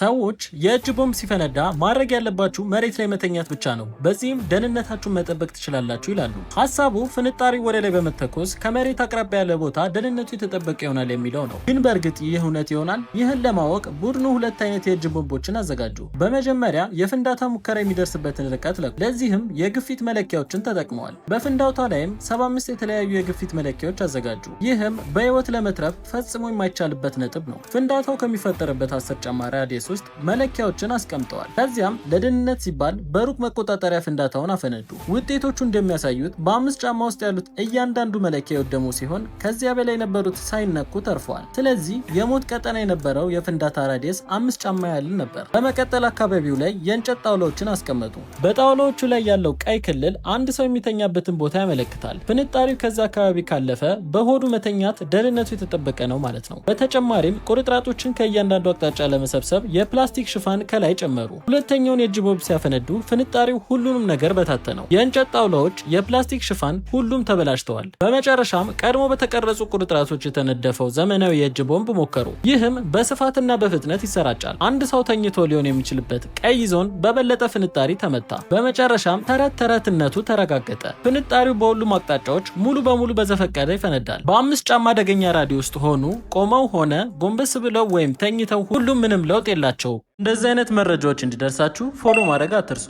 ሰዎች የእጅ ቦምብ ሲፈነዳ ማድረግ ያለባችሁ መሬት ላይ መተኛት ብቻ ነው፣ በዚህም ደህንነታችሁን መጠበቅ ትችላላችሁ ይላሉ። ሀሳቡ ፍንጣሪ ወደ ላይ በመተኮስ ከመሬት አቅራቢያ ያለ ቦታ ደህንነቱ የተጠበቀ ይሆናል የሚለው ነው። ግን በእርግጥ ይህ እውነት ይሆናል? ይህን ለማወቅ ቡድኑ ሁለት አይነት የእጅ ቦምቦችን አዘጋጁ። በመጀመሪያ የፍንዳታ ሙከራ የሚደርስበትን ርቀት ለኩ። ለዚህም የግፊት መለኪያዎችን ተጠቅመዋል። በፍንዳታ ላይም 75 የተለያዩ የግፊት መለኪያዎች አዘጋጁ። ይህም በህይወት ለመትረፍ ፈጽሞ የማይቻልበት ነጥብ ነው። ፍንዳታው ከሚፈጠርበት አስር ጨማሪ ኬስ ውስጥ መለኪያዎችን አስቀምጠዋል። ከዚያም ለደህንነት ሲባል በሩቅ መቆጣጠሪያ ፍንዳታውን አፈነዱ። ውጤቶቹ እንደሚያሳዩት በአምስት ጫማ ውስጥ ያሉት እያንዳንዱ መለኪያ የወደሙ ሲሆን ከዚያ በላይ የነበሩት ሳይነኩ ተርፈዋል። ስለዚህ የሞት ቀጠና የነበረው የፍንዳታ ራዲየስ አምስት ጫማ ያህል ነበር። በመቀጠል አካባቢው ላይ የእንጨት ጣውላዎችን አስቀመጡ። በጣውላዎቹ ላይ ያለው ቀይ ክልል አንድ ሰው የሚተኛበትን ቦታ ያመለክታል። ፍንጣሪው ከዛ አካባቢ ካለፈ በሆዱ መተኛት ደህንነቱ የተጠበቀ ነው ማለት ነው። በተጨማሪም ቁርጥራጮችን ከእያንዳንዱ አቅጣጫ ለመሰብሰብ የፕላስቲክ ሽፋን ከላይ ጨመሩ። ሁለተኛውን የእጅ ቦምብ ሲያፈነዱ ፍንጣሪው ሁሉንም ነገር በታተነው። የእንጨት ጣውላዎች፣ የፕላስቲክ ሽፋን፣ ሁሉም ተበላሽተዋል። በመጨረሻም ቀድሞ በተቀረጹ ቁርጥራቶች የተነደፈው ዘመናዊ የእጅ ቦምብ ሞከሩ። ይህም በስፋትና በፍጥነት ይሰራጫል። አንድ ሰው ተኝቶ ሊሆን የሚችልበት ቀይ ዞን በበለጠ ፍንጣሪ ተመታ። በመጨረሻም ተረት ተረትነቱ ተረጋገጠ። ፍንጣሪው በሁሉም አቅጣጫዎች ሙሉ በሙሉ በዘፈቀደ ይፈነዳል። በአምስት ጫማ አደገኛ ራዲዮ ውስጥ ሆኑ ቆመው ሆነ ጎንበስ ብለው ወይም ተኝተው ሁሉም ምንም ለውጥ የለ አድርጉላቸው። እንደዚህ አይነት መረጃዎች እንዲደርሳችሁ ፎሎ ማድረግ አትርሱ።